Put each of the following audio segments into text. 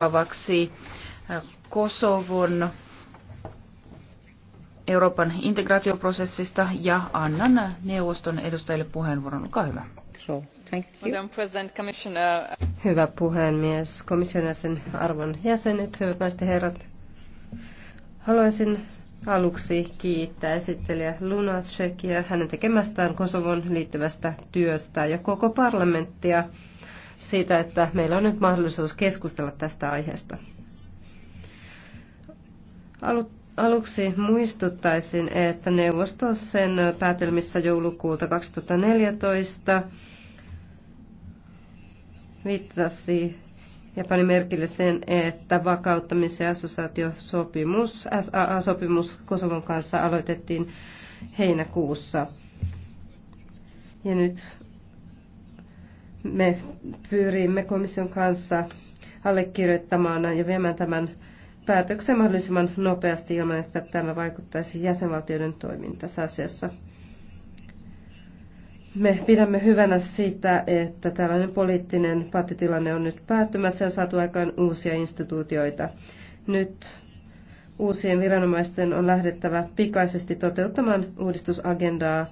seuraavaksi äh, Kosovon Euroopan integraatioprosessista ja annan neuvoston edustajille puheenvuoron. Olkaa hyvä. Hyvä puhemies, komission jäsen, arvon jäsenet, hyvät naiset ja herrat. Haluaisin aluksi kiittää esittelijä Lunacekia hänen tekemästään Kosovon liittyvästä työstä ja koko parlamenttia siitä, että meillä on nyt mahdollisuus keskustella tästä aiheesta. Alu- aluksi muistuttaisin, että neuvosto sen päätelmissä joulukuuta 2014 viittasi ja pani merkille sen, että vakauttamis- ja assosiaatiosopimus, SAA-sopimus Kosovon kanssa aloitettiin heinäkuussa. Ja nyt me pyrimme komission kanssa allekirjoittamaan ja viemään tämän päätöksen mahdollisimman nopeasti ilman, että tämä vaikuttaisi jäsenvaltioiden toimintaan tässä asiassa. Me pidämme hyvänä sitä, että tällainen poliittinen pattitilanne on nyt päättymässä ja saatu aikaan uusia instituutioita. Nyt uusien viranomaisten on lähdettävä pikaisesti toteuttamaan uudistusagendaa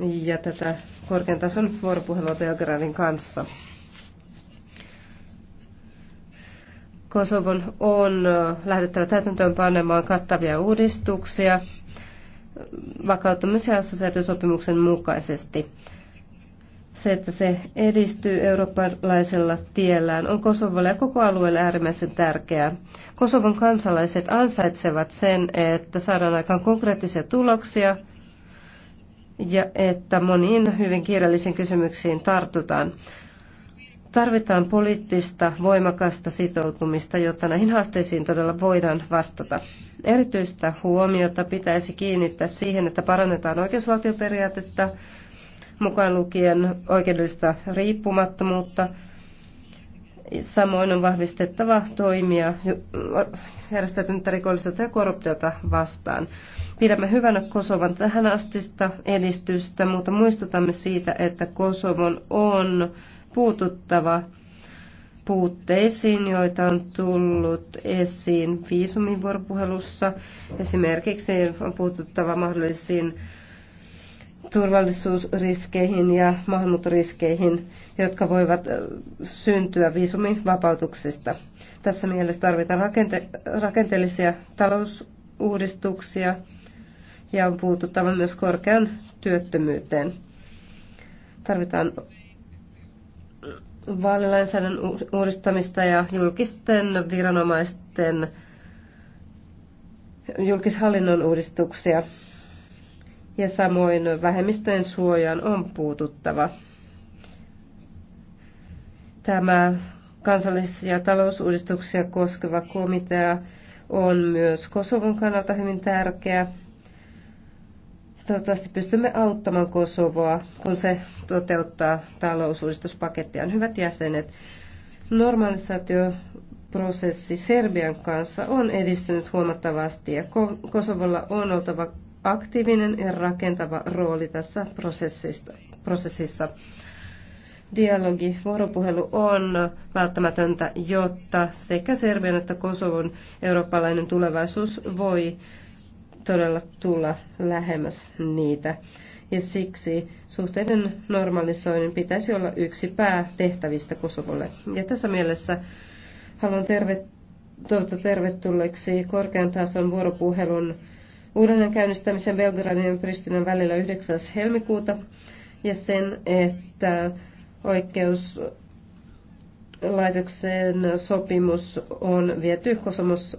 ja tätä korkean tason vuoropuhelua Belgradin kanssa. Kosovon on lähdettävä täytäntöön panemaan kattavia uudistuksia vakauttamisen ja sosiaalisopimuksen mukaisesti. Se, että se edistyy eurooppalaisella tiellään, on Kosovolle ja koko alueelle äärimmäisen tärkeää. Kosovon kansalaiset ansaitsevat sen, että saadaan aikaan konkreettisia tuloksia ja että moniin hyvin kiireellisiin kysymyksiin tartutaan. Tarvitaan poliittista voimakasta sitoutumista, jotta näihin haasteisiin todella voidaan vastata. Erityistä huomiota pitäisi kiinnittää siihen, että parannetaan oikeusvaltioperiaatetta, mukaan lukien oikeudellista riippumattomuutta, Samoin on vahvistettava toimia järjestäytynyttä rikollisuutta ja korruptiota vastaan. Pidämme hyvänä Kosovan tähän astista edistystä, mutta muistutamme siitä, että Kosovon on puututtava puutteisiin, joita on tullut esiin viisumin vuoropuhelussa. Esimerkiksi on puututtava mahdollisiin turvallisuusriskeihin ja maahanmuuttoriskeihin, jotka voivat syntyä viisumivapautuksista. Tässä mielessä tarvitaan rakente- rakenteellisia talousuudistuksia ja on puututtava myös korkean työttömyyteen. Tarvitaan vaalilainsäädännön uudistamista ja julkisten viranomaisten julkishallinnon uudistuksia ja samoin vähemmistöjen suojaan on puututtava. Tämä kansallisia talousuudistuksia koskeva komitea on myös Kosovon kannalta hyvin tärkeä. Toivottavasti pystymme auttamaan Kosovoa, kun se toteuttaa talousuudistuspakettiaan. Hyvät jäsenet, normalisaatioprosessi Serbian kanssa on edistynyt huomattavasti ja Kosovolla on oltava aktiivinen ja rakentava rooli tässä prosessissa. Dialogi, vuoropuhelu on välttämätöntä, jotta sekä Serbian että Kosovon eurooppalainen tulevaisuus voi todella tulla lähemmäs niitä. Ja siksi suhteiden normalisoinnin pitäisi olla yksi päätehtävistä Kosovolle. Ja tässä mielessä haluan terve, toivottaa tervetulleeksi korkean tason vuoropuhelun uudelleen käynnistämisen Belgradin ja Pristinan välillä 9. helmikuuta ja sen, että oikeuslaitoksen sopimus on viety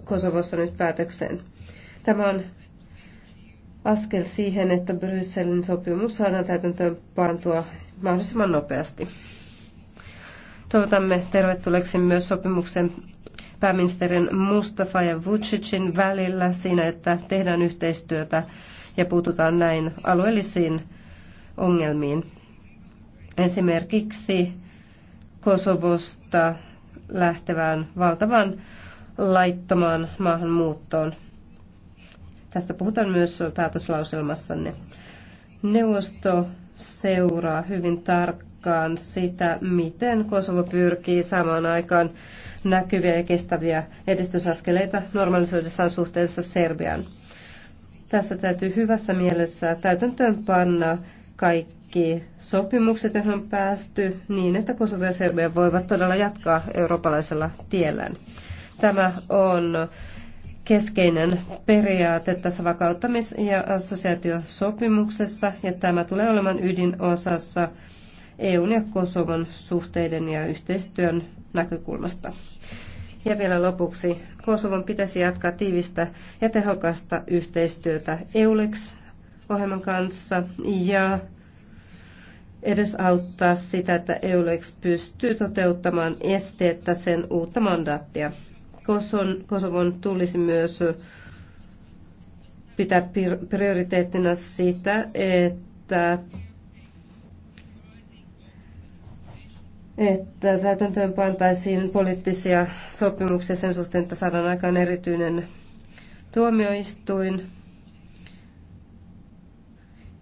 Kosovossa nyt päätökseen. Tämä on askel siihen, että Brysselin sopimus saadaan täytäntöön pantua mahdollisimman nopeasti. Toivotamme tervetulleeksi myös sopimuksen pääministerin Mustafa ja Vucicin välillä siinä, että tehdään yhteistyötä ja puututaan näin alueellisiin ongelmiin. Esimerkiksi Kosovosta lähtevään valtavan laittomaan maahanmuuttoon. Tästä puhutaan myös päätöslauselmassanne. Neuvosto seuraa hyvin tarkkaan sitä, miten Kosovo pyrkii samaan aikaan näkyviä ja kestäviä edistysaskeleita normalisoidessaan suhteessa Serbiaan. Tässä täytyy hyvässä mielessä täytäntöön panna kaikki sopimukset, joihin on päästy niin, että Kosovo ja Serbia voivat todella jatkaa eurooppalaisella tiellään. Tämä on keskeinen periaate tässä vakauttamis- ja assosiaatiosopimuksessa, ja tämä tulee olemaan ydinosassa EUn ja Kosovon suhteiden ja yhteistyön näkökulmasta. Ja vielä lopuksi, Kosovon pitäisi jatkaa tiivistä ja tehokasta yhteistyötä EULEX-ohjelman kanssa ja edesauttaa sitä, että EULEX pystyy toteuttamaan esteettä sen uutta mandaattia. Koson, Kosovon tulisi myös pitää prioriteettina sitä, että että täytäntöön pantaisiin poliittisia sopimuksia sen suhteen, että saadaan aikaan erityinen tuomioistuin.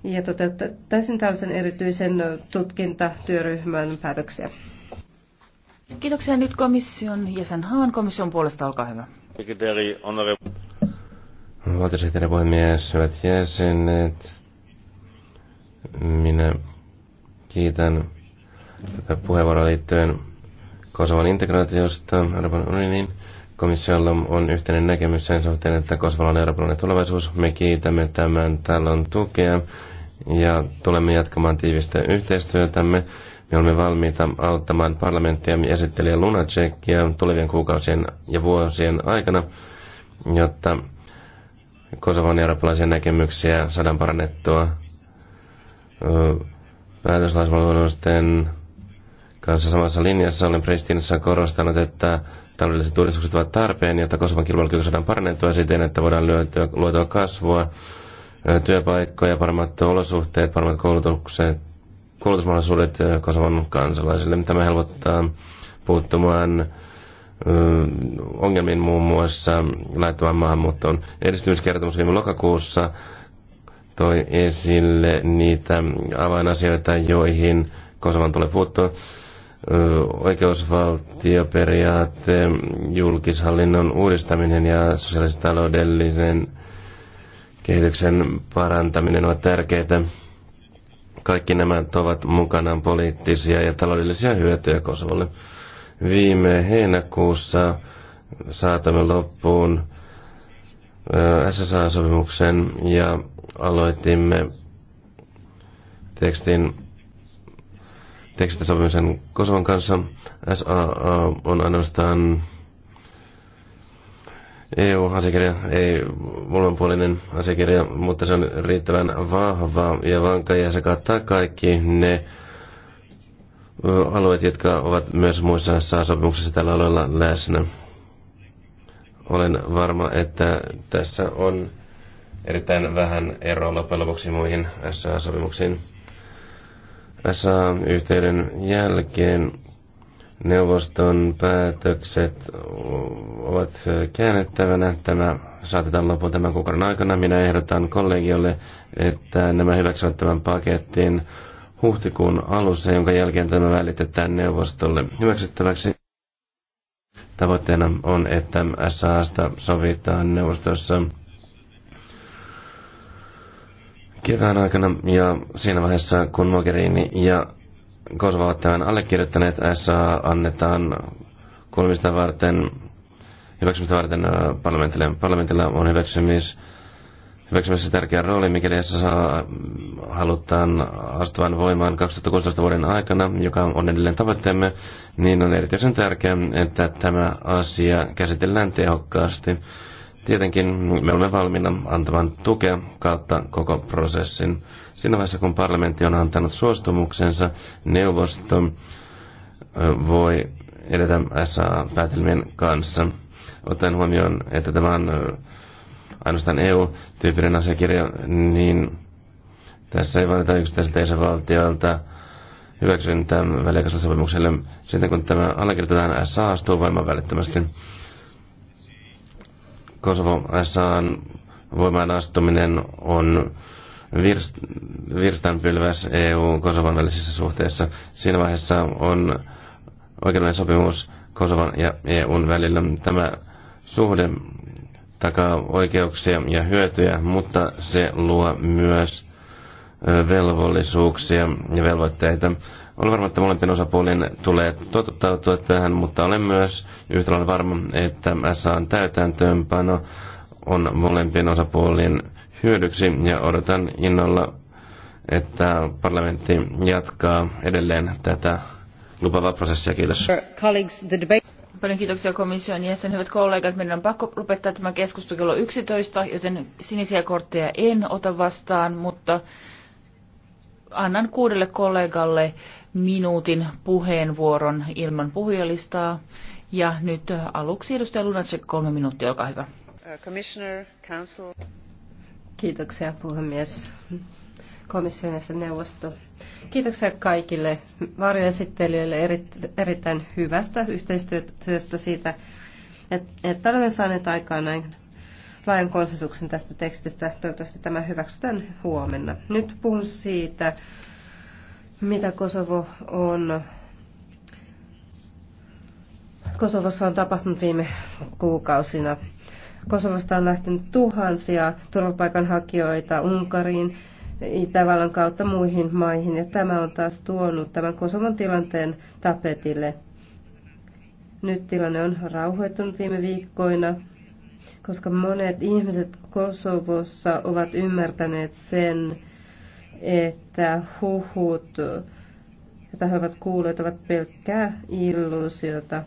Ja toteuttaisiin tällaisen erityisen tutkintatyöryhmän päätöksiä. Kiitoksia nyt komission jäsen Haan. Komission puolesta olkaa hyvä. Valtiosihteeri puhemies, hyvät jäsenet. Minä kiitän tätä puheenvuoroa liittyen Kosovan integraatiosta Euroopan unionin. Komissiolla on yhteinen näkemys sen suhteen, että Kosovalla on unionin tulevaisuus. Me kiitämme tämän talon tukea ja tulemme jatkamaan tiivistä yhteistyötämme. Me olemme valmiita auttamaan parlamenttia ja esittelijä Lunacekia tulevien kuukausien ja vuosien aikana, jotta Kosovan eurooppalaisia näkemyksiä saadaan parannettua päätöslaisvalvonnosten kanssa samassa linjassa. Olen Pristinassa korostanut, että taloudelliset uudistukset ovat tarpeen, jotta Kosovan kilpailukyky saadaan parannettua siten, että voidaan lyötyä, luotua kasvua, työpaikkoja, paremmat olosuhteet, paremmat koulutukset, koulutusmahdollisuudet Kosovan kansalaisille. Tämä helpottaa puuttumaan ongelmiin muun muassa laittoman maahanmuuttoon. Edistymiskertomus viime lokakuussa toi esille niitä avainasioita, joihin Kosovan tulee puuttua oikeusvaltioperiaate, julkishallinnon uudistaminen ja sosiaalistaloudellisen kehityksen parantaminen ovat tärkeitä. Kaikki nämä ovat mukanaan poliittisia ja taloudellisia hyötyjä Kosovolle. Viime heinäkuussa saatamme loppuun SSA-sopimuksen ja aloitimme tekstin tekstistä sopimisen Kosovan kanssa. SAA on ainoastaan EU-asiakirja, ei molemminpuolinen asiakirja, mutta se on riittävän vahva ja vankka ja se kattaa kaikki ne alueet, jotka ovat myös muissa saa-sopimuksissa tällä alueella läsnä. Olen varma, että tässä on erittäin vähän eroa loppujen lopuksi muihin saa sopimuksiin SA-yhteyden jälkeen neuvoston päätökset ovat käännettävänä. Tämä saatetaan lopun tämän kuukauden aikana. Minä ehdotan kollegiolle, että nämä hyväksyvät tämän paketin huhtikuun alussa, jonka jälkeen tämä välitetään neuvostolle hyväksyttäväksi. Tavoitteena on, että SAasta sovitaan neuvostossa kevään aikana ja siinä vaiheessa, kun Mogherini ja Kosovo ovat tämän allekirjoittaneet, SA annetaan kuulemista varten, hyväksymistä varten äh, parlamentille. Parlamentilla on hyväksymis, hyväksymisessä tärkeä rooli, mikäli saa halutaan astuvan voimaan 2016 vuoden aikana, joka on edelleen tavoitteemme, niin on erityisen tärkeää, että tämä asia käsitellään tehokkaasti. Tietenkin me olemme valmiina antamaan tukea kautta koko prosessin. Siinä vaiheessa, kun parlamentti on antanut suostumuksensa, neuvosto voi edetä SA-päätelmien kanssa. Ottaen huomioon, että tämä on ainoastaan EU-tyyppinen asiakirja, niin tässä ei valita yksittäisiltä isävaltioilta hyväksyntää väliaikaiselle sopimukselle. Sitten kun tämä allekirjoitetaan, SA astuu voimaan välittömästi. Kosovosaan voimaan astuminen on virst, virstanpylväs EU-Kosovan välisissä suhteissa. Siinä vaiheessa on oikeudellinen sopimus Kosovan ja EUn välillä. Tämä suhde takaa oikeuksia ja hyötyjä, mutta se luo myös velvollisuuksia ja velvoitteita. Olen varma, että molempien osapuolien tulee totuttautua tähän, mutta olen myös yhtä lailla varma, että SAn täytäntöönpano on molempien osapuolien hyödyksi ja odotan innolla, että parlamentti jatkaa edelleen tätä lupavaa prosessia. Kiitos. Uh, Paljon kiitoksia komission jäsen. Hyvät kollegat, meidän on pakko lopettaa tämä keskustelu kello 11, joten sinisiä kortteja en ota vastaan, mutta annan kuudelle kollegalle minuutin puheenvuoron ilman puhujalistaa. Ja nyt aluksi edustaja Lunacek, kolme minuuttia, olkaa hyvä. Kiitoksia puhemies. Komission ja neuvosto. Kiitoksia kaikille varjoesittelijöille erittäin hyvästä yhteistyöstä siitä, että olemme saaneet aikaan näin laajan konsensuksen tästä tekstistä. Toivottavasti tämä hyväksytään huomenna. Nyt puhun siitä, mitä Kosovo on Kosovossa on tapahtunut viime kuukausina. Kosovosta on lähtenyt tuhansia turvapaikanhakijoita Unkariin, Itävallan kautta muihin maihin, ja tämä on taas tuonut tämän Kosovon tilanteen tapetille. Nyt tilanne on rauhoittunut viime viikkoina, koska monet ihmiset Kosovossa ovat ymmärtäneet sen, että huhut, joita he ovat kuulleet, ovat pelkkää illuusiota.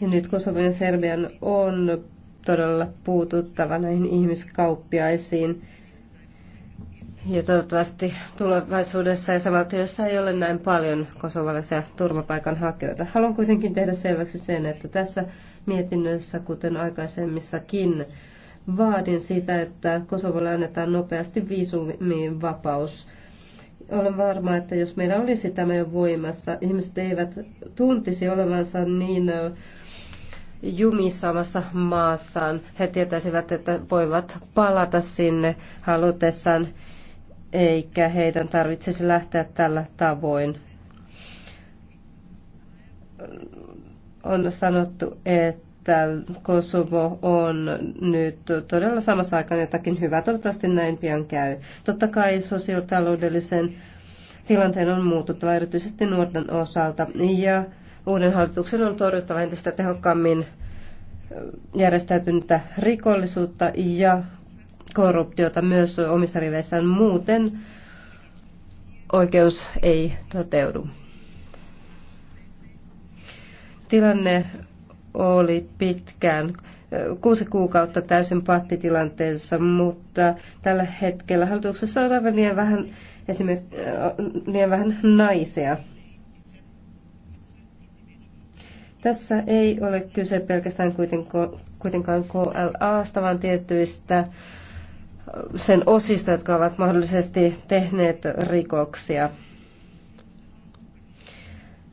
Ja nyt Kosovon ja Serbian on todella puututtava näihin ihmiskauppiaisiin. Ja toivottavasti tulevaisuudessa ja samalla ei ole näin paljon kosovalaisia turvapaikanhakijoita. Haluan kuitenkin tehdä selväksi sen, että tässä mietinnössä, kuten aikaisemmissakin, vaadin sitä, että Kosovolle annetaan nopeasti viisumiin vapaus. Olen varma, että jos meillä olisi tämä jo voimassa, ihmiset eivät tuntisi olevansa niin jumissa omassa maassaan. He tietäisivät, että voivat palata sinne halutessaan eikä heidän tarvitsisi lähteä tällä tavoin. On sanottu, että Kosovo on nyt todella samassa aikaan jotakin hyvää. Toivottavasti näin pian käy. Totta kai sosiaalitaloudellisen tilanteen on muututtava erityisesti nuorten osalta ja uuden hallituksen on torjuttava entistä tehokkaammin järjestäytynyttä rikollisuutta ja korruptiota myös omissa riveissään. Muuten oikeus ei toteudu. Tilanne oli pitkään, kuusi kuukautta täysin pattitilanteessa, mutta tällä hetkellä hallituksessa on aivan niin vähän, esimerkiksi, niin äh, vähän naisia. Tässä ei ole kyse pelkästään kuitenkaan KLAsta, vaan tietyistä sen osista, jotka ovat mahdollisesti tehneet rikoksia.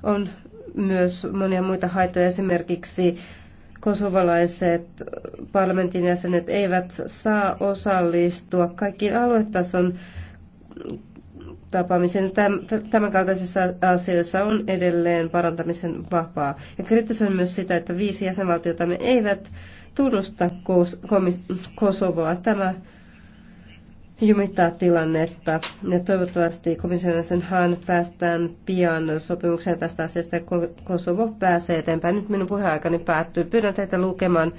On myös monia muita haittoja. Esimerkiksi kosovalaiset parlamentin jäsenet eivät saa osallistua kaikkiin aluetason tapaamisen. Tämänkaltaisissa asioissa on edelleen parantamisen vapaa. Ja kritisoin myös sitä, että viisi jäsenvaltiota me eivät tunnusta Kosovoa. Tämä jumittaa tilannetta. Ja toivottavasti komission Han päästään pian sopimukseen tästä asiasta ja Kosovo pääsee eteenpäin. Nyt minun puheaikani päättyy. Pyydän teitä lukemaan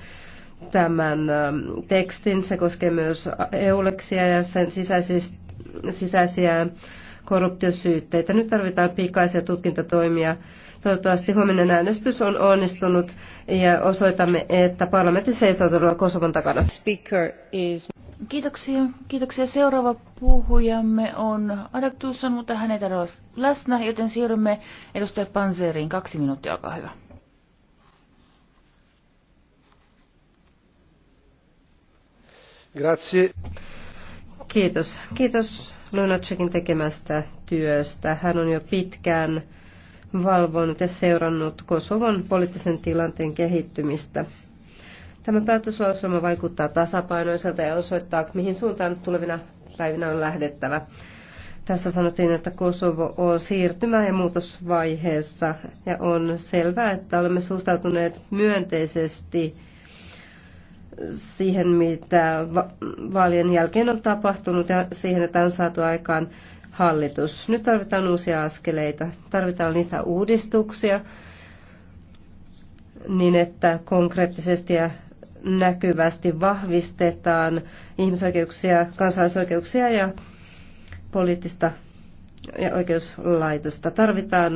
tämän ähm, tekstin. Se koskee myös EULEXia ja sen sisäisiä, sisäisiä korruptiosyytteitä. Nyt tarvitaan pikaisia tutkintatoimia. Toivottavasti huominen äänestys on onnistunut ja osoitamme, että parlamentti seisoo todella Kosovan takana. Speaker is... Kiitoksia. Kiitoksia. Seuraava puhujamme on Adaktusson, mutta hän ei tarvitse olla läsnä, joten siirrymme edustaja Panseriin. Kaksi minuuttia, olkaa hyvä. Grazie. Kiitos. Kiitos Lunacekin tekemästä työstä. Hän on jo pitkään valvonut ja seurannut Kosovon poliittisen tilanteen kehittymistä. Tämä päätöslauselma vaikuttaa tasapainoiselta ja osoittaa, mihin suuntaan tulevina päivinä on lähdettävä. Tässä sanottiin, että Kosovo on siirtymä- ja muutosvaiheessa ja on selvää, että olemme suhtautuneet myönteisesti siihen, mitä vaalien jälkeen on tapahtunut ja siihen, että on saatu aikaan hallitus. Nyt tarvitaan uusia askeleita, tarvitaan lisää uudistuksia niin, että konkreettisesti ja näkyvästi vahvistetaan ihmisoikeuksia, kansalaisoikeuksia ja poliittista ja oikeuslaitosta. Tarvitaan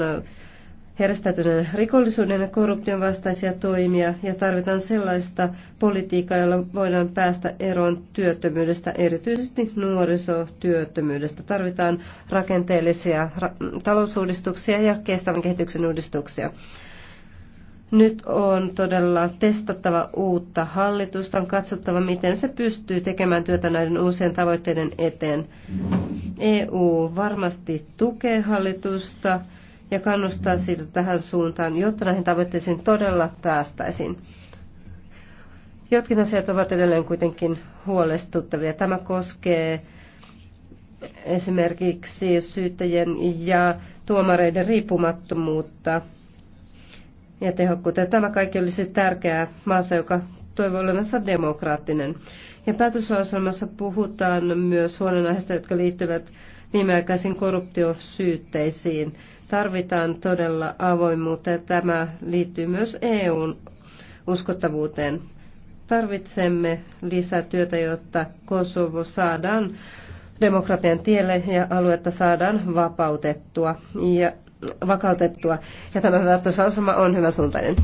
järjestäytyneen rikollisuuden ja korruption vastaisia toimia ja tarvitaan sellaista politiikkaa, jolla voidaan päästä eroon työttömyydestä, erityisesti nuorisotyöttömyydestä. Tarvitaan rakenteellisia talousuudistuksia ja kestävän kehityksen uudistuksia. Nyt on todella testattava uutta hallitusta, on katsottava, miten se pystyy tekemään työtä näiden uusien tavoitteiden eteen. EU varmasti tukee hallitusta ja kannustaa siitä tähän suuntaan, jotta näihin tavoitteisiin todella päästäisiin. Jotkin asiat ovat edelleen kuitenkin huolestuttavia. Tämä koskee esimerkiksi syyttäjien ja tuomareiden riippumattomuutta ja tehokkuutta. Tämä kaikki olisi tärkeää maassa, joka toivoo olevansa demokraattinen. Ja päätöslauselmassa puhutaan myös huolenaiheista, jotka liittyvät viimeaikaisiin korruptiosyytteisiin. Tarvitaan todella avoimuutta ja tämä liittyy myös EUn uskottavuuteen. Tarvitsemme lisää työtä, jotta Kosovo saadaan demokratian tielle ja aluetta saadaan vapautettua. Ja vakautettua. Ja tämä päätösasema on hyvä suuntainen.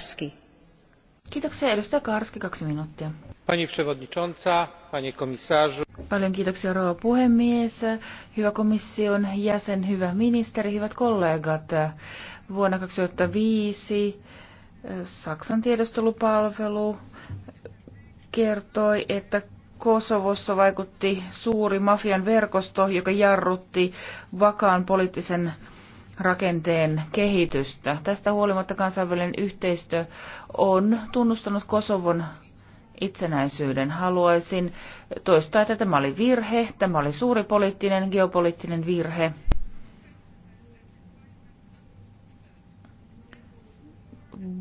Kiitoksia. Edustaja Karski, kaksi minuuttia. Pani przewodnicząca, panie komisarzu. Paljon kiitoksia rouva puhemies, hyvä komission jäsen, hyvä ministeri, hyvät kollegat. Vuonna 2005 eh, Saksan tiedostelupalvelu kertoi, että Kosovossa vaikutti suuri mafian verkosto, joka jarrutti vakaan poliittisen rakenteen kehitystä. Tästä huolimatta kansainvälinen yhteistyö on tunnustanut Kosovon itsenäisyyden. Haluaisin toistaa, että tämä oli virhe, tämä oli suuri poliittinen, geopoliittinen virhe.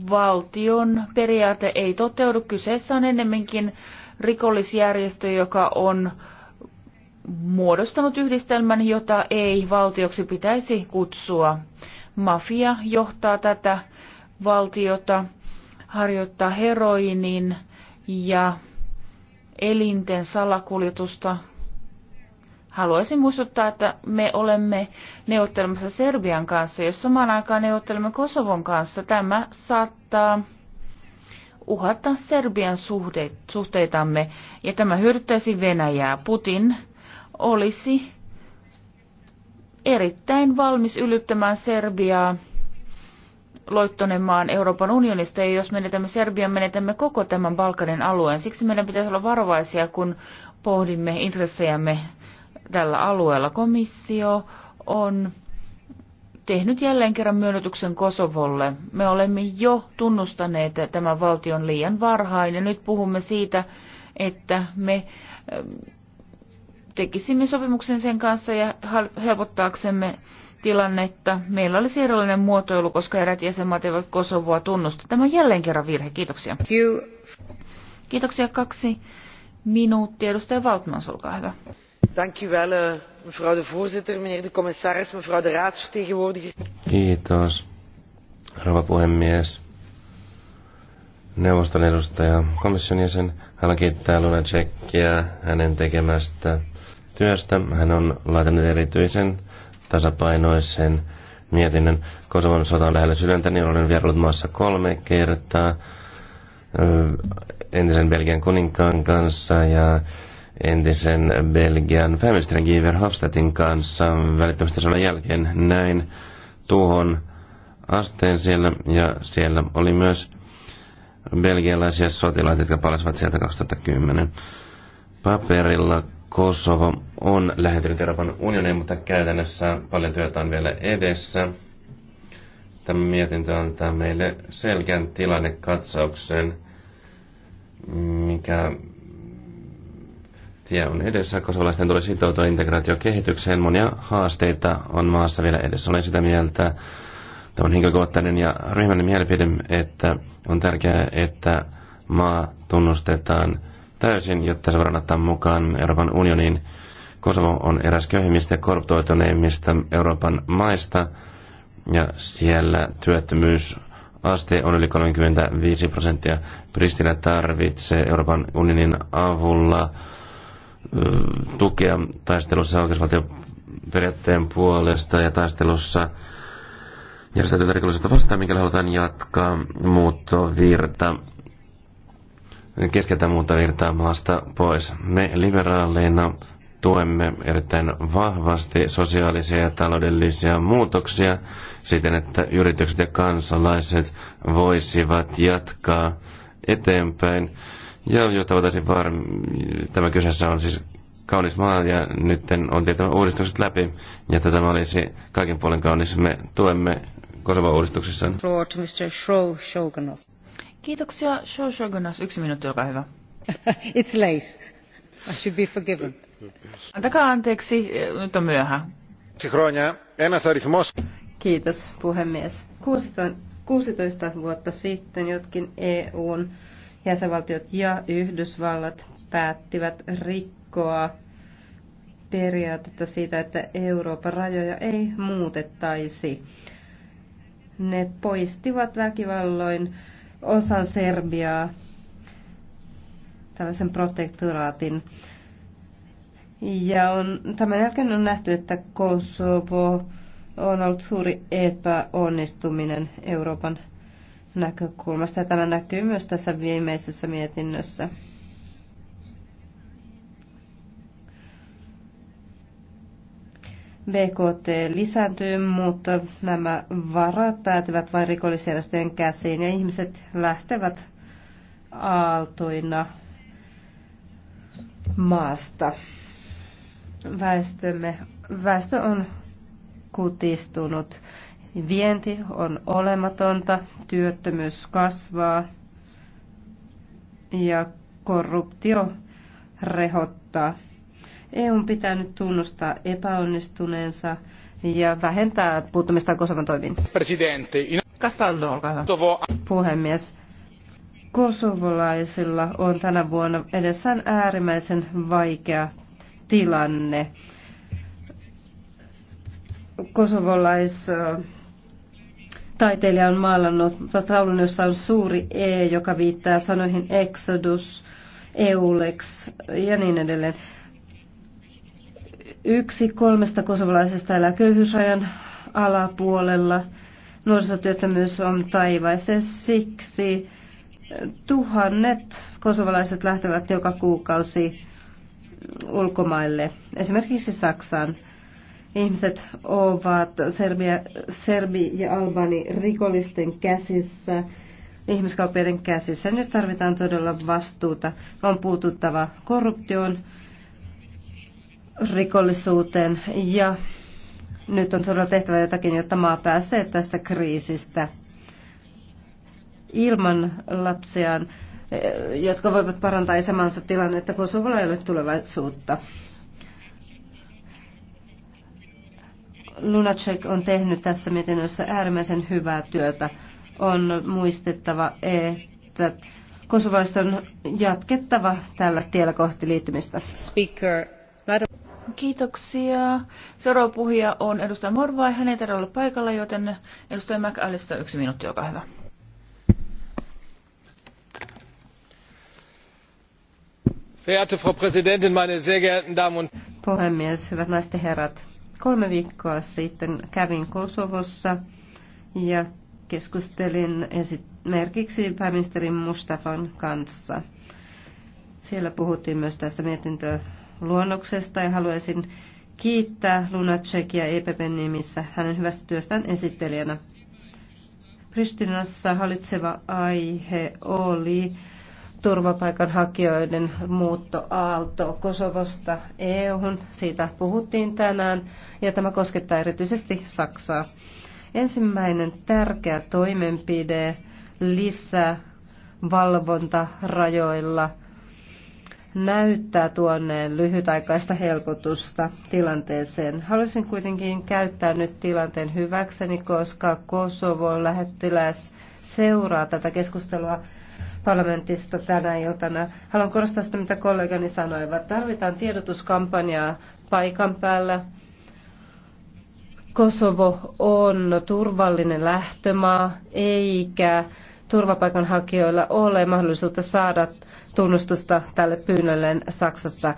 Valtion periaate ei toteudu. Kyseessä on ennemminkin rikollisjärjestö, joka on äh, muodostanut yhdistelmän, jota ei valtioksi pitäisi kutsua. Mafia johtaa tätä valtiota, harjoittaa heroinin ja elinten salakuljetusta. Haluaisin muistuttaa, että me olemme neuvottelemassa Serbian kanssa, jos samaan aikaan neuvottelemme Kosovon kanssa. Tämä saattaa uhata Serbian suhteitamme ja tämä hyödyttäisi Venäjää. Putin olisi erittäin valmis yllyttämään Serbiaa loittonen maan Euroopan unionista, ja jos menetämme Serbian, menetämme koko tämän Balkanin alueen. Siksi meidän pitäisi olla varovaisia, kun pohdimme intressejämme tällä alueella. Komissio on tehnyt jälleen kerran myönnytyksen Kosovolle. Me olemme jo tunnustaneet tämän valtion liian varhain, ja nyt puhumme siitä, että me tekisimme sopimuksen sen kanssa ja helpottaaksemme tilannetta. Meillä olisi erilainen muotoilu, koska erät jäsenmaat eivät Kosovoa tunnusta. Tämä on jälleen kerran virhe. Kiitoksia. Kiitoksia kaksi minuuttia. Edustaja Valtmans, olkaa hyvä. Eh, mevrouw de voorzitter, meneer de commissaris, mevrouw de raadsvertegenwoordiger. Kiitos, rouva puhemies, neuvoston edustaja, komission jäsen. Haluan kiittää Tsekkiä hänen tekemästä työstä. Hän on laitanut erityisen tasapainoisen mietinnön. Kosovon sota on lähellä sydäntäni, niin olen vierailut maassa kolme kertaa entisen Belgian kuninkaan kanssa ja entisen Belgian pääministerin Giver Hofstadtin kanssa välittömästi sodan jälkeen näin tuohon asteen siellä ja siellä oli myös belgialaisia sotilaita, jotka palasivat sieltä 2010. Paperilla Kosovo on lähentynyt Euroopan unioniin, mutta käytännössä paljon työtä on vielä edessä. Tämä mietintö antaa meille selkeän tilannekatsauksen, mikä tie on edessä. Kosovalaisten tulee sitoutua integraatiokehitykseen. Monia haasteita on maassa vielä edessä. Olen sitä mieltä, Tämä on henkilökohtainen ja ryhmän mielipide, että on tärkeää, että maa tunnustetaan täysin, jotta se voidaan ottaa mukaan Euroopan unioniin. Kosovo on eräs köyhimmistä ja korruptoituneimmista Euroopan maista, ja siellä työttömyys aste on yli 35 prosenttia. Pristina tarvitsee Euroopan unionin avulla tukea taistelussa oikeusvaltioperiaatteen puolesta ja taistelussa järjestäytynyt rikollisuutta vastaan, mikäli halutaan jatkaa muuttovirta keskeltä virtaa maasta pois. Me liberaaleina tuemme erittäin vahvasti sosiaalisia ja taloudellisia muutoksia siten, että yritykset ja kansalaiset voisivat jatkaa eteenpäin. Ja jotta voitaisiin varm- tämä kyseessä on siis kaunis maa ja nyt on tietävä uudistukset läpi, ja tämä olisi kaiken puolen kaunis. Me tuemme Kosovo-uudistuksessaan. Kiitoksia. Shoshogunas, yksi minuutti, olkaa hyvä. It's late. I should be forgiven. Antakaa anteeksi, nyt on myöhä. Kiitos puhemies. 16 vuotta sitten jotkin EUn jäsenvaltiot ja Yhdysvallat päättivät rikkoa periaatetta siitä, että Euroopan rajoja ei muutettaisi ne poistivat väkivalloin osan Serbiaa tällaisen protektoraatin. Ja on, tämän jälkeen on nähty, että Kosovo on ollut suuri epäonnistuminen Euroopan näkökulmasta. Ja tämä näkyy myös tässä viimeisessä mietinnössä. BKT lisääntyy, mutta nämä varat päätyvät vain rikollisjärjestöjen käsiin ja ihmiset lähtevät aaltoina maasta. Väestömme, väestö on kutistunut. Vienti on olematonta, työttömyys kasvaa ja korruptio rehottaa. EU pitää nyt tunnustaa epäonnistuneensa ja vähentää puuttumista Kosovan toimintaa. Presidentti. Puhemies. Kosovolaisilla on tänä vuonna edessään äärimmäisen vaikea tilanne. Kosovolais taiteilija on maalannut taulun, jossa on suuri E, joka viittaa sanoihin Exodus, Eulex ja niin edelleen. Yksi kolmesta kosovalaisesta elää köyhyysrajan alapuolella. Nuorisotyöttömyys on taivaisen siksi tuhannet kosovalaiset lähtevät joka kuukausi ulkomaille, esimerkiksi Saksaan. Ihmiset ovat Serbia, Serbi- ja Albani rikollisten käsissä, ihmiskauppiaiden käsissä. Nyt tarvitaan todella vastuuta. On puututtava korruptioon, rikollisuuteen ja nyt on todella tehtävä jotakin, jotta maa pääsee tästä kriisistä ilman lapsiaan, eh, jotka voivat parantaa isänmaansa tilannetta. Kosovolla ei ole tulevaisuutta. Lunacek on tehnyt tässä mietinnössä äärimmäisen hyvää työtä. On muistettava, että kosovaista on jatkettava tällä tiellä kohti liittymistä. Speaker, Kiitoksia. Seuraava puhuja on edustaja Morvai. Hän ei tarvitse olla paikalla, joten edustaja McAllister, yksi minuutti, olkaa hyvä. Verehrte Frau Präsidentin, meine sehr geehrten Damen und Puhemies, hyvät naisten herrat. Kolme viikkoa sitten kävin Kosovossa ja keskustelin esimerkiksi pääministeri Mustafan kanssa. Siellä puhuttiin myös tästä mietintöä luonnoksesta ja haluaisin kiittää Tsekia EPPn nimissä hänen hyvästä työstään esittelijänä. Pristinassa hallitseva aihe oli turvapaikanhakijoiden muuttoaalto Kosovosta eu Siitä puhuttiin tänään ja tämä koskettaa erityisesti Saksaa. Ensimmäinen tärkeä toimenpide lisää valvonta rajoilla – näyttää tuoneen lyhytaikaista helpotusta tilanteeseen. Haluaisin kuitenkin käyttää nyt tilanteen hyväkseni, koska Kosovon lähettiläs seuraa tätä keskustelua parlamentista tänä iltana. Haluan korostaa sitä, mitä kollegani sanoivat. Tarvitaan tiedotuskampanjaa paikan päällä. Kosovo on turvallinen lähtömaa, eikä turvapaikanhakijoilla ole mahdollisuutta saada tunnustusta tälle pyynnölleen Saksassa.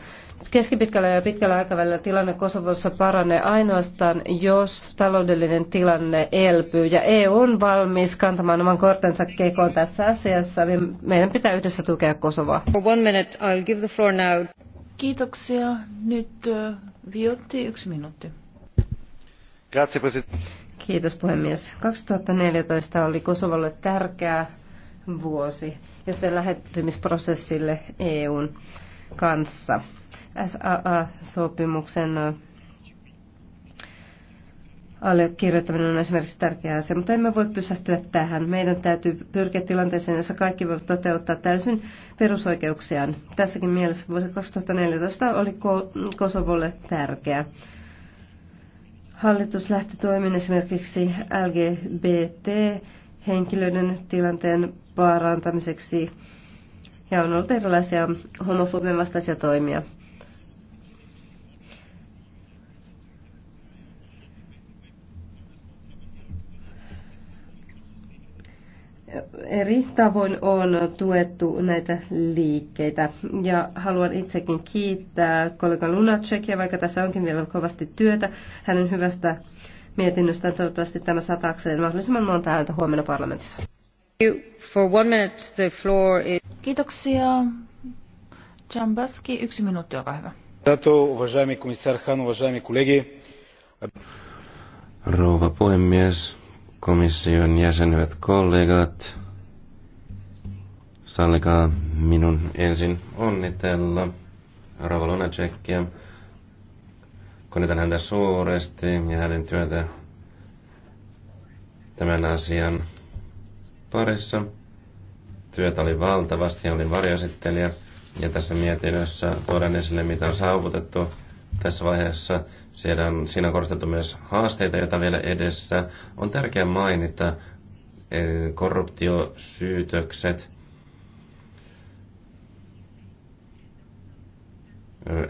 Keskipitkällä ja pitkällä aikavälillä tilanne Kosovossa paranee ainoastaan, jos taloudellinen tilanne elpyy. Ja EU on valmis kantamaan oman kortensa kekoon tässä asiassa. Niin meidän pitää yhdessä tukea Kosovoa. For one minute, I'll give the floor now. Kiitoksia. Nyt uh, Viotti, yksi minuutti. Grazie, Presidente. Kiitos puhemies. 2014 oli Kosovolle tärkeä vuosi ja sen lähettymisprosessille EUn kanssa. SAA-sopimuksen allekirjoittaminen on esimerkiksi tärkeä asia, mutta emme voi pysähtyä tähän. Meidän täytyy pyrkiä tilanteeseen, jossa kaikki voivat toteuttaa täysin perusoikeuksiaan. Tässäkin mielessä vuosi 2014 oli Kosovolle tärkeä. Hallitus lähti toimin esimerkiksi LGBT-henkilöiden tilanteen parantamiseksi ja on ollut erilaisia homofobian vastaisia toimia. eri tavoin on tuettu näitä liikkeitä. Ja haluan itsekin kiittää kollega Lunacekia, vaikka tässä onkin vielä kovasti työtä, hänen hyvästä mietinnöstään. Toivottavasti tämä sataakseen mahdollisimman monta ääntä huomenna parlamentissa. For one minute, the floor is... Kiitoksia. Jambaski, yksi minuutti, olkaa hyvä. Rouva puhemies, komission jäsenet kollegat. Sallikaa minun ensin onnitella Rova Tsekkiä. Konnitan häntä suuresti ja hänen työtä tämän asian parissa. Työtä oli valtavasti ja olin varjoesittelijä. Ja tässä mietinnössä tuodaan esille, mitä on saavutettu tässä vaiheessa siellä on, siinä on korostettu myös haasteita, joita vielä edessä. On tärkeää mainita eh, korruptiosyytökset,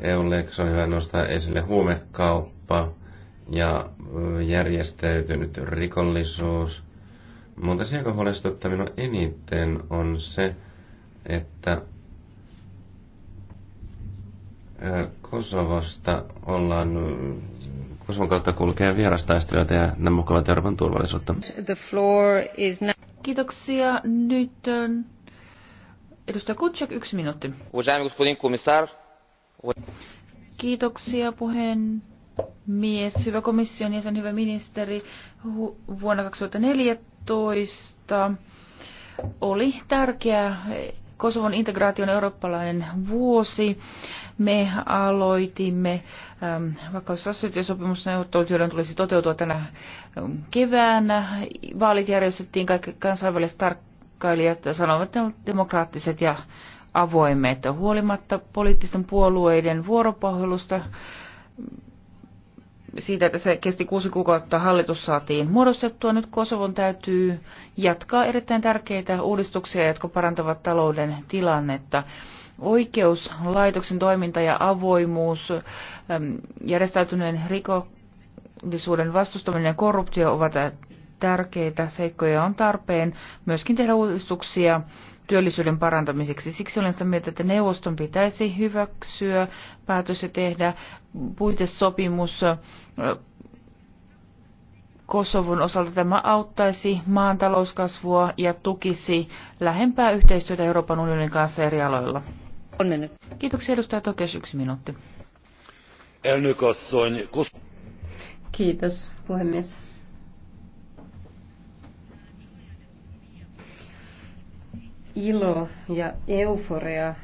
EU-Lex eh, e on hyvä nostaa esille huumekauppa ja eh, järjestäytynyt rikollisuus. Mutta se, joka huolestuttaa minua eniten, on se, että Kosovosta ollaan Kosovon kautta kulkee vierastaistelijoita ja nämä mukavat Euroopan turvallisuutta. The floor is now. Kiitoksia. Nyt ähm, edustaja Kutsek, yksi minuutti. Kiitoksia puheen mies, hyvä komission jäsen, hyvä ministeri. Hu- vuonna 2014 oli tärkeä Kosovon integraation eurooppalainen vuosi. Me aloitimme ähm, joiden tulisi toteutua tänä ähm, keväänä. Vaalit järjestettiin, kaikki kansainväliset tarkkailijat sanovat, että ne ovat demokraattiset ja avoimet. Huolimatta poliittisten puolueiden vuoropuhelusta siitä, että se kesti kuusi kuukautta, hallitus saatiin muodostettua. Nyt Kosovon täytyy jatkaa erittäin tärkeitä uudistuksia, jotka parantavat talouden tilannetta oikeuslaitoksen toiminta ja avoimuus, järjestäytyneen rikollisuuden vastustaminen ja korruptio ovat tärkeitä seikkoja on tarpeen myöskin tehdä uudistuksia työllisyyden parantamiseksi. Siksi olen sitä mieltä, että neuvoston pitäisi hyväksyä päätös ja tehdä puitesopimus Kosovon osalta tämä auttaisi maan talouskasvua ja tukisi lähempää yhteistyötä Euroopan unionin kanssa eri aloilla. Kiitoksia edustaja Tokes, yksi minuutti. Elnök asszony. Kiitos puhemies. Ilo ja euforia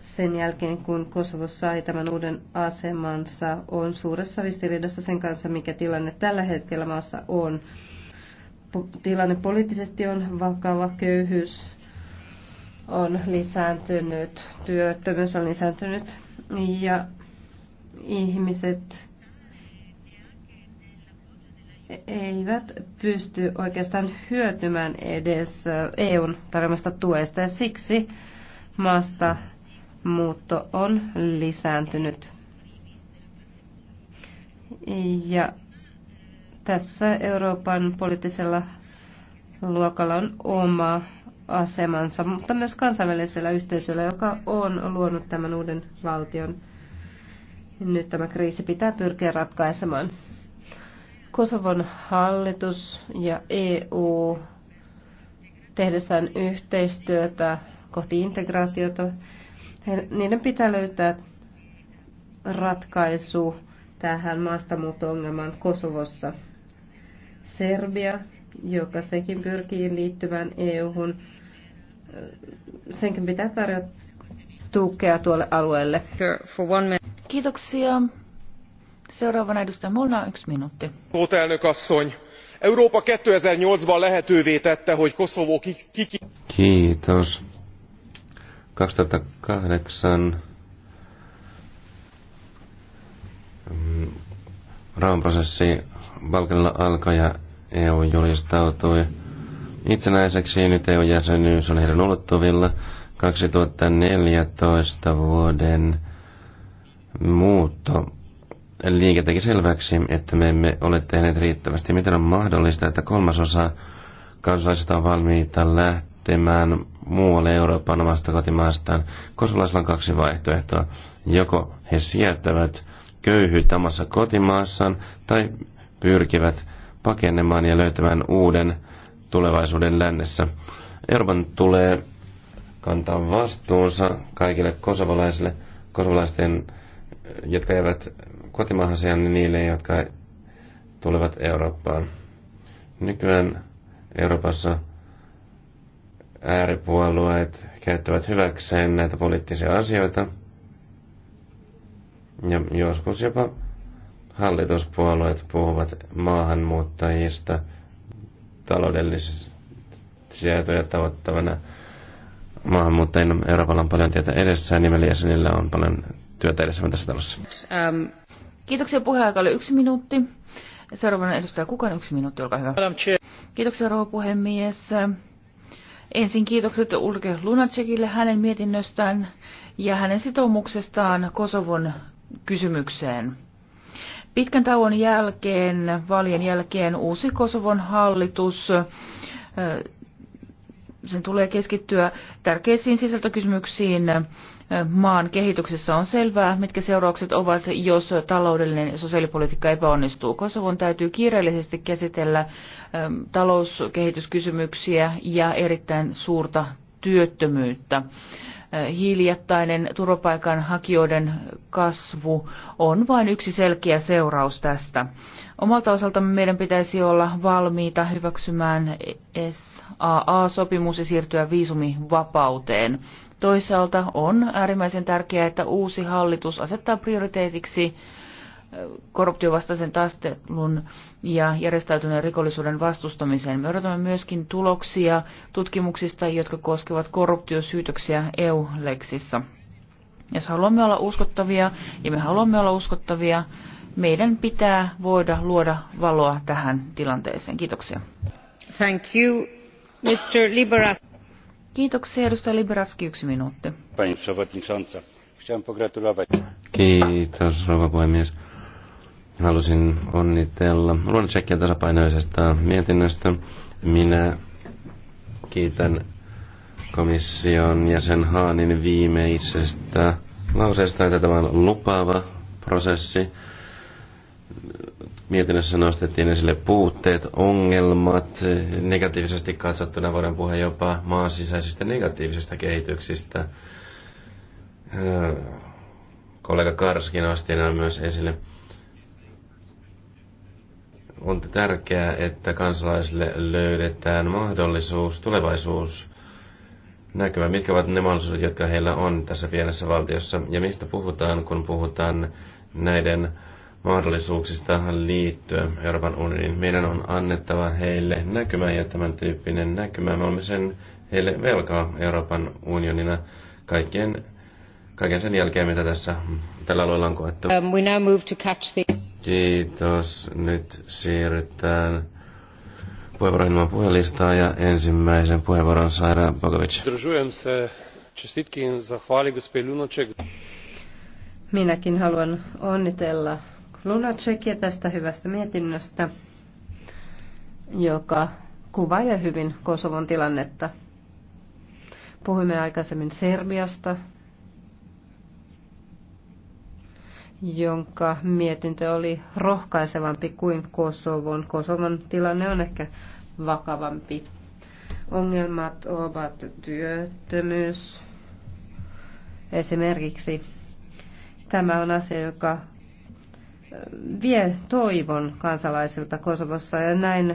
sen jälkeen, kun Kosovo sai tämän uuden asemansa, on suuressa ristiriidassa sen kanssa, mikä tilanne tällä hetkellä maassa on. Tilanne poliittisesti on vakava, köyhyys on lisääntynyt, työttömyys on lisääntynyt ja ihmiset eivät pysty oikeastaan hyötymään edes EUn tarjoamasta tuesta ja siksi maasta muutto on lisääntynyt. Ja tässä Euroopan poliittisella luokalla on oma asemansa, mutta myös kansainvälisellä yhteisöllä, joka on luonut tämän uuden valtion. Nyt tämä kriisi pitää pyrkiä ratkaisemaan. Kosovon hallitus ja EU tehdessään yhteistyötä kohti integraatiota, niiden pitää löytää ratkaisu tähän maastamuuto ongelmaan Kosovossa. Serbia, joka sekin pyrkii liittyvään EU-hun, senkin pitää tarjota tukea tuolle alueelle. Kiitoksia. Seuraavana edustaja Molna, yksi minuutti. Elnök asszony, 2008-ban lehetővé tette, hogy Koszovó kiki... Kiitos. 2008 mm, raamprosessi Balkanilla alkoi ja EU julistautui itsenäiseksi. Nyt EU-jäsenyys on heidän ulottuvilla 2014 vuoden muutto. Liike teki selväksi, että me emme ole tehneet riittävästi. Miten on mahdollista, että kolmasosa kansalaisista on valmiita lähtemään muualle Euroopan omasta kotimaastaan? Kosolaisilla on kaksi vaihtoehtoa. Joko he sietävät köyhyyttä omassa kotimaassaan tai pyrkivät pakenemaan ja löytämään uuden tulevaisuuden lännessä. Euroopan tulee kantaa vastuunsa kaikille kosovalaisille, kosovalaisten, jotka jäävät kotimaahansa ja niille, jotka tulevat Eurooppaan. Nykyään Euroopassa ääripuolueet käyttävät hyväkseen näitä poliittisia asioita ja joskus jopa hallituspuolueet puhuvat maahanmuuttajista – taloudellisia etuja tavoittavana maahanmuuttajien Euroopalla on paljon työtä ja nimellä jäsenillä on paljon työtä edessä tässä talossa. Ähm, kiitoksia oli Yksi minuutti. Seuraavana edustaja Kukan yksi minuutti, olkaa hyvä. Kiitoksia rouva puhemies. Ensin kiitokset Ulke Lunacekille hänen mietinnöstään ja hänen sitoumuksestaan Kosovon kysymykseen. Pitkän tauon jälkeen, valien jälkeen uusi Kosovon hallitus sen tulee keskittyä tärkeisiin sisältökysymyksiin. Maan kehityksessä on selvää, mitkä seuraukset ovat, jos taloudellinen ja sosiaalipolitiikka epäonnistuu. Kosovon täytyy kiireellisesti käsitellä talouskehityskysymyksiä ja erittäin suurta työttömyyttä hiljattainen turvapaikanhakijoiden kasvu on vain yksi selkeä seuraus tästä. Omalta osaltamme meidän pitäisi olla valmiita hyväksymään SAA-sopimus ja siirtyä viisumivapauteen. Toisaalta on äärimmäisen tärkeää, että uusi hallitus asettaa prioriteetiksi korruptiovastaisen taistelun ja järjestäytyneen rikollisuuden vastustamiseen. Me odotamme myöskin tuloksia tutkimuksista, jotka koskevat korruptiosyytöksiä EU-leksissä. Jos haluamme olla uskottavia, ja me haluamme olla uskottavia, meidän pitää voida luoda valoa tähän tilanteeseen. Kiitoksia. Thank you, Mr. Libera. Kiitoksia, edustaja Liberatski, yksi minuutti. Pani Kiitos, rouva puhemies. Halusin onnitella luonnonsekkiä tasapainoisesta mietinnöstä. Minä kiitän komission jäsen Haanin viimeisestä lauseesta, että tämä on lupaava prosessi. Mietinnössä nostettiin esille puutteet, ongelmat. Negatiivisesti katsottuna voidaan puhua jopa maan sisäisistä negatiivisista kehityksistä. Kollega Karski nosti nämä myös esille on tärkeää, että kansalaisille löydetään mahdollisuus, tulevaisuus näkyvä, mitkä ovat ne mahdollisuudet, jotka heillä on tässä pienessä valtiossa ja mistä puhutaan, kun puhutaan näiden mahdollisuuksista liittyä Euroopan unioniin. Meidän on annettava heille näkymä ja tämän tyyppinen näkymä. Me olemme sen heille velkaa Euroopan unionina kaikkien, kaiken sen jälkeen, mitä tässä tällä alueella on koettu. Um, we now move to catch the... Kiitos. Nyt siirrytään puheenvuoron ilman puhelistaa ja ensimmäisen puheenvuoron Saira Bogovic. Minäkin haluan onnitella Lunacekia tästä hyvästä mietinnöstä, joka kuvailee hyvin Kosovon tilannetta. Puhuimme aikaisemmin Serbiasta, jonka mietintö oli rohkaisevampi kuin Kosovon. Kosovon tilanne on ehkä vakavampi. Ongelmat ovat työttömyys esimerkiksi. Tämä on asia, joka vie toivon kansalaisilta Kosovossa ja näin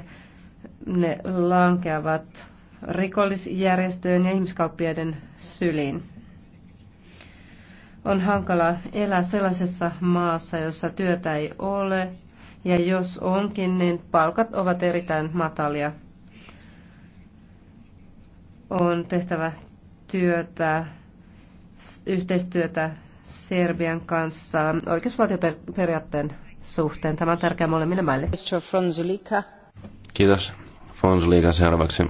ne lankeavat rikollisjärjestöjen ja ihmiskauppiaiden syliin. On hankala elää sellaisessa maassa, jossa työtä ei ole, ja jos onkin, niin palkat ovat erittäin matalia. On tehtävä työtä, yhteistyötä Serbian kanssa oikeusvaltioperiaatteen suhteen. Tämä on tärkeää molemmille maille. Kiitos. Fonsulika seuraavaksi.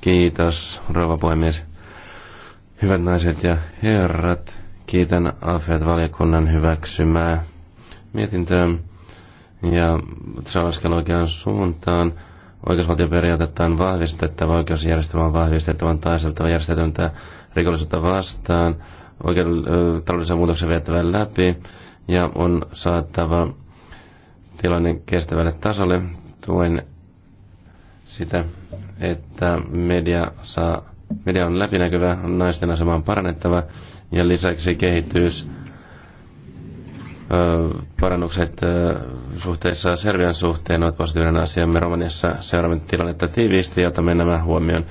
Kiitos, rouva puhemies. Hyvät naiset ja herrat. Kiitän Alfred-valiokunnan hyväksymää mietintöä ja askel oikeaan suuntaan. Oikeusvaltioperiaatetta on vahvistettava, oikeusjärjestelmä on vahvistettava, on taisteltava järjestetöntä rikollisuutta vastaan, oikein, taloudellisen muutoksen vietävän läpi ja on saattava tilanne kestävälle tasolle. Tuen sitä, että media saa Media on läpinäkyvä, naisten asema on parannettava ja lisäksi kehittyys parannukset suhteessa Serbian suhteen ovat positiivinen asia. Me Romaniassa seuraamme tilannetta tiiviisti ja otamme nämä huomioon.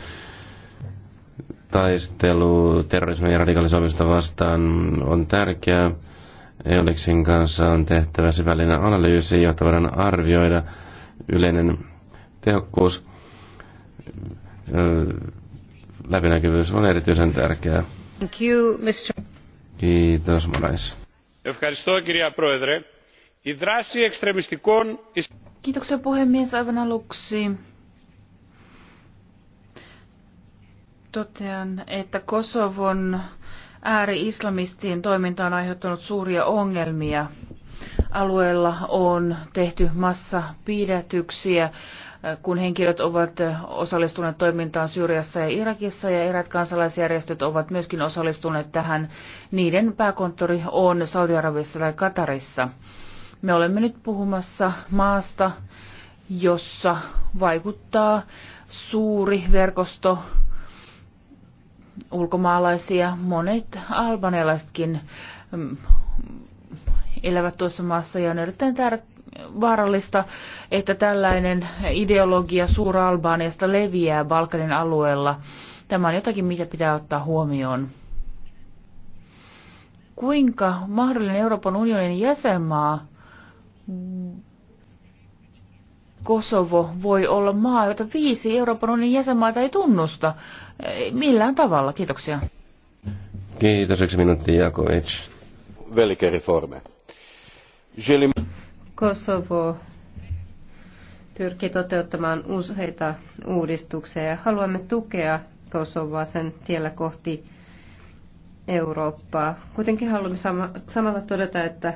Taistelu terrorismin ja radikalisoimista vastaan on tärkeää. Euleksin kanssa on tehtävä syvällinen analyysi, jotta voidaan arvioida yleinen tehokkuus läpinäkyvyys on erityisen tärkeää. Thank you, Mr. Kiitos, Moraes. Kiitoksia puhemies aivan aluksi. Totean, että Kosovon ääri-islamistien toiminta on aiheuttanut suuria ongelmia. Alueella on tehty massa kun henkilöt ovat osallistuneet toimintaan Syyriassa ja Irakissa ja erät kansalaisjärjestöt ovat myöskin osallistuneet tähän. Niiden pääkonttori on Saudi-Arabiassa tai Katarissa. Me olemme nyt puhumassa maasta, jossa vaikuttaa suuri verkosto ulkomaalaisia. Monet albanialaisetkin mm, elävät tuossa maassa ja on erittäin tärkeää, vaarallista, että tällainen ideologia Suur-Albaaniasta leviää Balkanin alueella. Tämä on jotakin, mitä pitää ottaa huomioon. Kuinka mahdollinen Euroopan unionin jäsenmaa Kosovo voi olla maa, jota viisi Euroopan unionin jäsenmaata ei tunnusta millään tavalla? Kiitoksia. Kiitos, yksi minuutti Jakovic. Velike reforme. Želim... Kosovo pyrkii toteuttamaan useita uudistuksia ja haluamme tukea Kosovoa sen tiellä kohti Eurooppaa. Kuitenkin haluamme sama, samalla todeta, että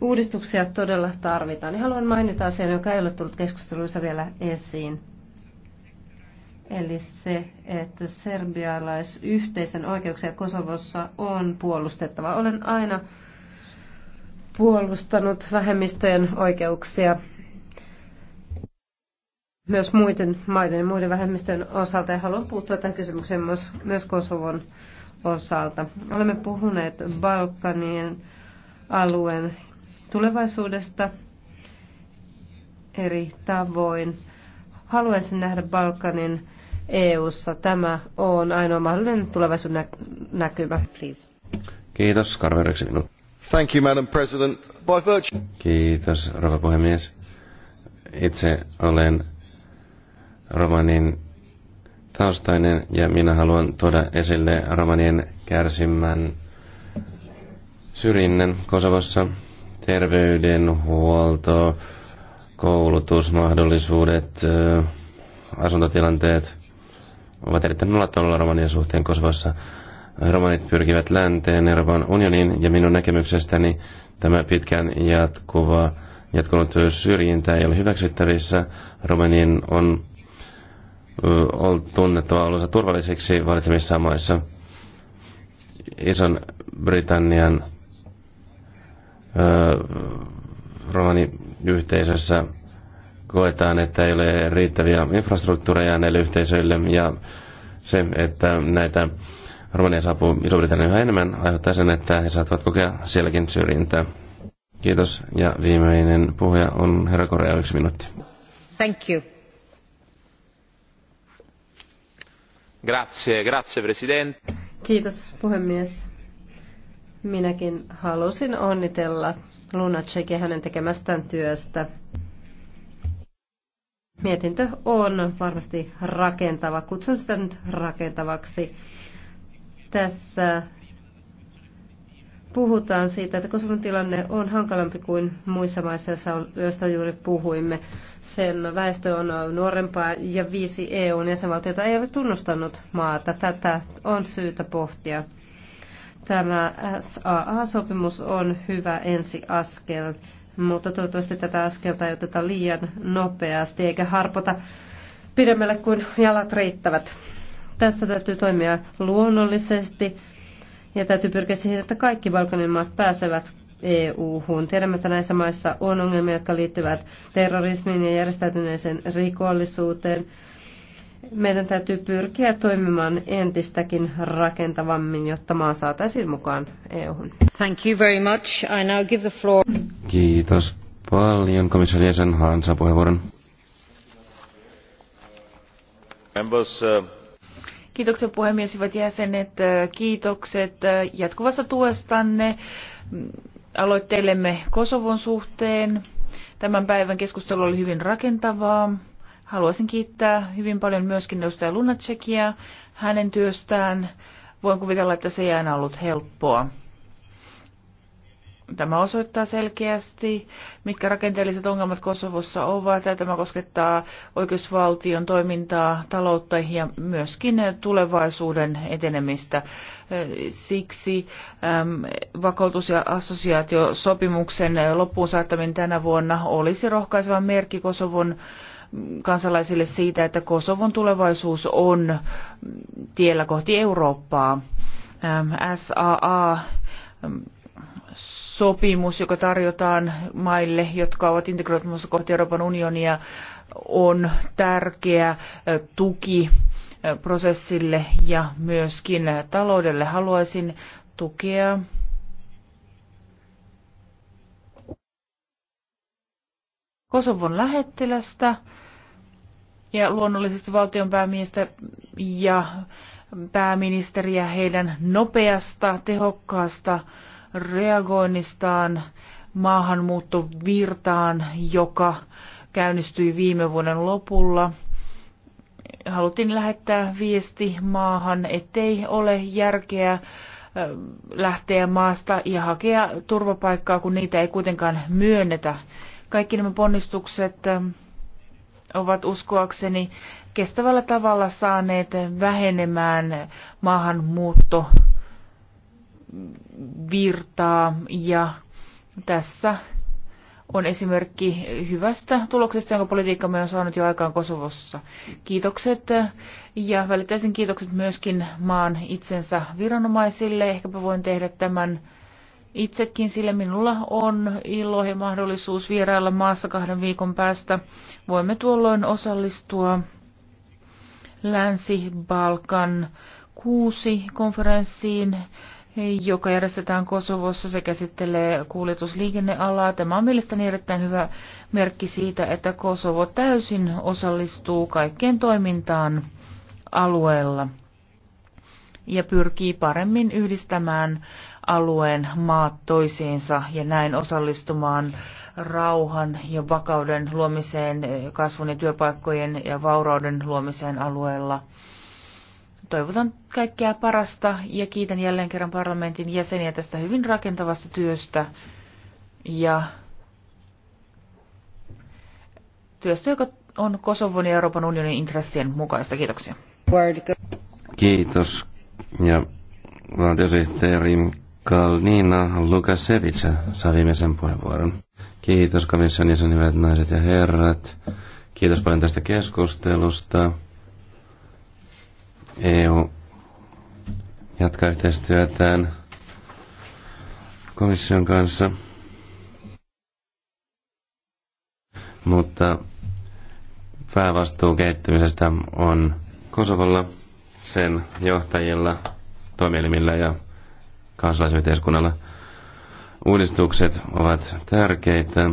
uudistuksia todella tarvitaan. Ja haluan mainita asian, joka ei ole tullut keskusteluissa vielä esiin. Eli se, että serbialaisyhteisön oikeuksia Kosovossa on puolustettava. Olen aina puolustanut vähemmistöjen oikeuksia myös muiden maiden ja muiden vähemmistöjen osalta. Ja haluan puuttua tähän kysymykseen myös, myös Kosovon osalta. Olemme puhuneet Balkanien alueen tulevaisuudesta eri tavoin. Haluaisin nähdä Balkanin EU-ssa. Tämä on ainoa mahdollinen tulevaisuuden näkymä. Please. Kiitos. Karve minuutti. Madam President. By virtue... Kiitos, rouva puhemies. Itse olen romanin taustainen ja minä haluan tuoda esille romanien kärsimän syrjinnän Kosovossa, terveydenhuolto, koulutusmahdollisuudet, asuntotilanteet ovat erittäin nolla romanien suhteen Kosovossa romanit pyrkivät länteen Euroopan unioniin ja minun näkemyksestäni tämä pitkään jatkuva, jatkunut syrjintä ei ole hyväksyttävissä. Romanin on ollut tunnettava olonsa turvalliseksi valitsemissa maissa. Ison Britannian romaniyhteisössä koetaan, että ei ole riittäviä infrastruktuureja näille yhteisöille ja se, että näitä Romania saapuu iso yhä enemmän, aiheuttaa sen, että he saattavat kokea sielläkin syrjintää. Kiitos, ja viimeinen puhuja on herra Korea, yksi minuutti. Thank you. Grazie, grazie, president. Kiitos, puhemies. Minäkin halusin onnitella Lunacekia hänen tekemästään työstä. Mietintö on varmasti rakentava. Kutsun sitä nyt rakentavaksi. Tässä puhutaan siitä, että Kosovon tilanne on hankalampi kuin muissa maissa, joista juuri puhuimme. Sen väestö on nuorempaa ja viisi EUn jäsenvaltiota ei ole tunnustanut maata. Tätä on syytä pohtia. Tämä SAA-sopimus on hyvä ensiaskel, mutta toivottavasti tätä askelta ei oteta liian nopeasti eikä harpota pidemmälle kuin jalat riittävät. Tässä täytyy toimia luonnollisesti ja täytyy pyrkiä siihen, että kaikki Balkanin maat pääsevät EU-hun. Tiedämme, että näissä maissa on ongelmia, jotka liittyvät terrorismiin ja järjestäytyneeseen rikollisuuteen. Meidän täytyy pyrkiä toimimaan entistäkin rakentavammin, jotta maa saataisiin mukaan EU-hun. Thank you very much. I now give the floor. Kiitos paljon komission jäsen Hansa puheenvuoron. Members, uh... Kiitoksia puhemies, hyvät jäsenet. Kiitokset äh, jatkuvasta tuestanne mm, aloitteellemme Kosovon suhteen. Tämän päivän keskustelu oli hyvin rakentavaa. Haluaisin kiittää hyvin paljon myöskin edustaja Lunacekia hänen työstään. Voin kuvitella, että se ei aina ollut helppoa. Tämä osoittaa selkeästi, mitkä rakenteelliset ongelmat Kosovossa ovat. Ja tämä koskettaa oikeusvaltion toimintaa, taloutta ja myöskin tulevaisuuden etenemistä. Siksi äm, vakautus- ja assosiaatiosopimuksen loppuun saattaminen tänä vuonna olisi rohkaiseva merkki Kosovon kansalaisille siitä, että Kosovon tulevaisuus on tiellä kohti Eurooppaa. SAA sopimus, joka tarjotaan maille, jotka ovat integroitumassa kohti Euroopan unionia, on tärkeä tuki prosessille ja myöskin taloudelle. Haluaisin tukea Kosovon lähettilästä ja luonnollisesti valtionpäämiestä ja pääministeriä heidän nopeasta, tehokkaasta reagoinnistaan maahanmuuttovirtaan, joka käynnistyi viime vuoden lopulla. Haluttiin lähettää viesti maahan, ettei ole järkeä lähteä maasta ja hakea turvapaikkaa, kun niitä ei kuitenkaan myönnetä. Kaikki nämä ponnistukset ovat uskoakseni kestävällä tavalla saaneet vähenemään maahanmuutto virtaa ja tässä on esimerkki hyvästä tuloksesta, jonka politiikkamme on saanut jo aikaan Kosovossa. Kiitokset ja välittäisin kiitokset myöskin maan itsensä viranomaisille. Ehkäpä voin tehdä tämän itsekin, sillä minulla on ilo ja mahdollisuus vierailla maassa kahden viikon päästä. Voimme tuolloin osallistua Länsi-Balkan kuusi konferenssiin joka järjestetään Kosovossa. Se käsittelee kuljetusliikennealaa. Tämä on mielestäni erittäin hyvä merkki siitä, että Kosovo täysin osallistuu kaikkeen toimintaan alueella ja pyrkii paremmin yhdistämään alueen maat toisiinsa ja näin osallistumaan rauhan ja vakauden luomiseen, kasvun ja työpaikkojen ja vaurauden luomiseen alueella – toivotan kaikkea parasta ja kiitän jälleen kerran parlamentin jäseniä tästä hyvin rakentavasta työstä ja työstä, joka on Kosovon ja Euroopan unionin intressien mukaista. Kiitoksia. Kiitos. Ja valtiosihteeri Kalnina Lukasevic saa viimeisen puheenvuoron. Kiitos komission jäsen, hyvät naiset ja herrat. Kiitos paljon tästä keskustelusta. EU jatkaa yhteistyötään komission kanssa. Mutta päävastuu kehittymisestä on Kosovolla, sen johtajilla, toimielimillä ja kansalaisyhteiskunnalla. Uudistukset ovat tärkeitä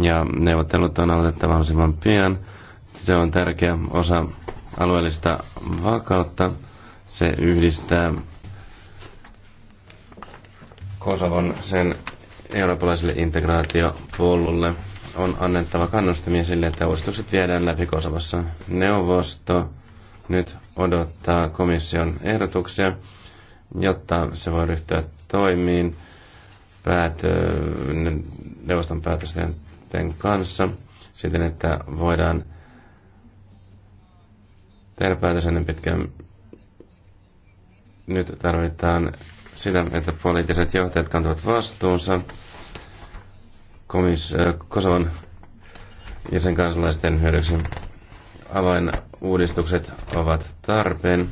ja neuvottelut on aloitettava mahdollisimman pian. Se on tärkeä osa alueellista vakautta. Se yhdistää Kosovon sen eurooppalaiselle integraatiopolulle. On annettava kannustamia sille, että uudistukset viedään läpi Kosovassa. Neuvosto nyt odottaa komission ehdotuksia, jotta se voi ryhtyä toimiin päät, neuvoston päätösten kanssa siten, että voidaan tehdä päätös ennen pitkään. Nyt tarvitaan sitä, että poliittiset johtajat kantavat vastuunsa komis, äh, Kosovan ja sen kansalaisten hyödyksi. Avainuudistukset ovat tarpeen.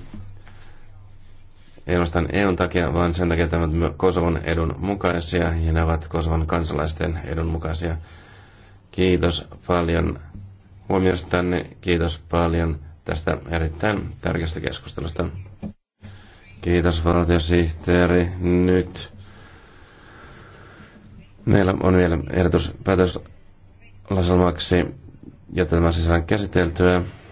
Ei ainoastaan EUn takia, vaan sen takia, että ne ovat Kosovan edun mukaisia ja ne ovat Kosovan kansalaisten edun mukaisia. Kiitos paljon huomiostanne, kiitos paljon tästä erittäin tärkeästä keskustelusta. Kiitos valtiosihteeri. Nyt meillä on vielä ehdotus päätöslaselmaksi, jotta tämä sisään käsiteltyä.